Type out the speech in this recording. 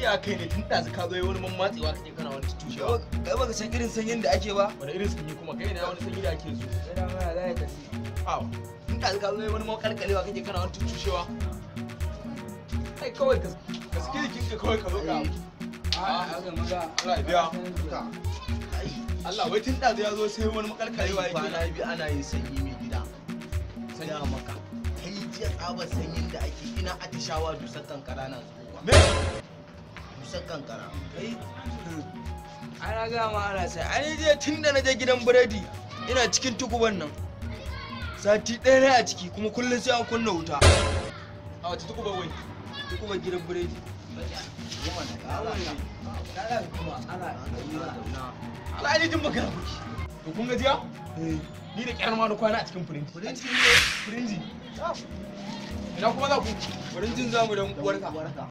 iya kai ne tun ɗazu ka zo wani mammatsewa kake kana wani tushewa. Kai baka san irin sanyin da ake ba? Wani irin sanyi kuma kai ne wani sanyi da ake so. Sai da mana za ya tafi. Aw, tun ɗazu ka zo wani makalkalewa kake kana wani tushewa. Kai kawai ka kin ka kawai ka zo ka. Allah ya biya. Allah wai tun ɗazu ya zo sai wani makalkalewa yake. na bi ana yin sanyi mai gida. Sanyi maka. Kai jiya tsabar sanyin da ake ina atishawa dusar kankara nan. zuwa. shan kankara kai mm. ai na ma ana sai ai je tun da na je gidan biredi ina cikin tukuban nan sati ɗaya ne a ciki kuma kullum sai an kunna wuta a wace tukuban wai tukuban gidan biredi ana ni jin magana kuki to kun gajiya eh. ni da ƙyar ma na kwana a cikin firinji firinji ne firinji ina kuma za ku firinjin mu dan uwarka